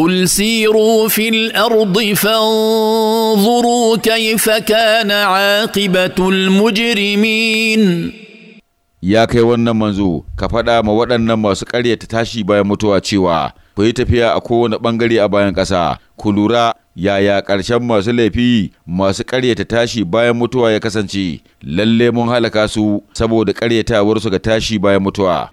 قل سيروا في الارض فانظروا كيف كان عاقبه المجرمين ya kai wannan manzo ka faɗa ma waɗannan masu ƙaryata tashi bayan mutuwa cewa ku yi tafiya a kowane ɓangare a bayan ƙasa ku lura yaya ƙarshen masu laifi masu ƙaryata tashi bayan mutuwa ya kasance lalle mun halaka su saboda ƙaryatawarsu ga tashi bayan mutuwa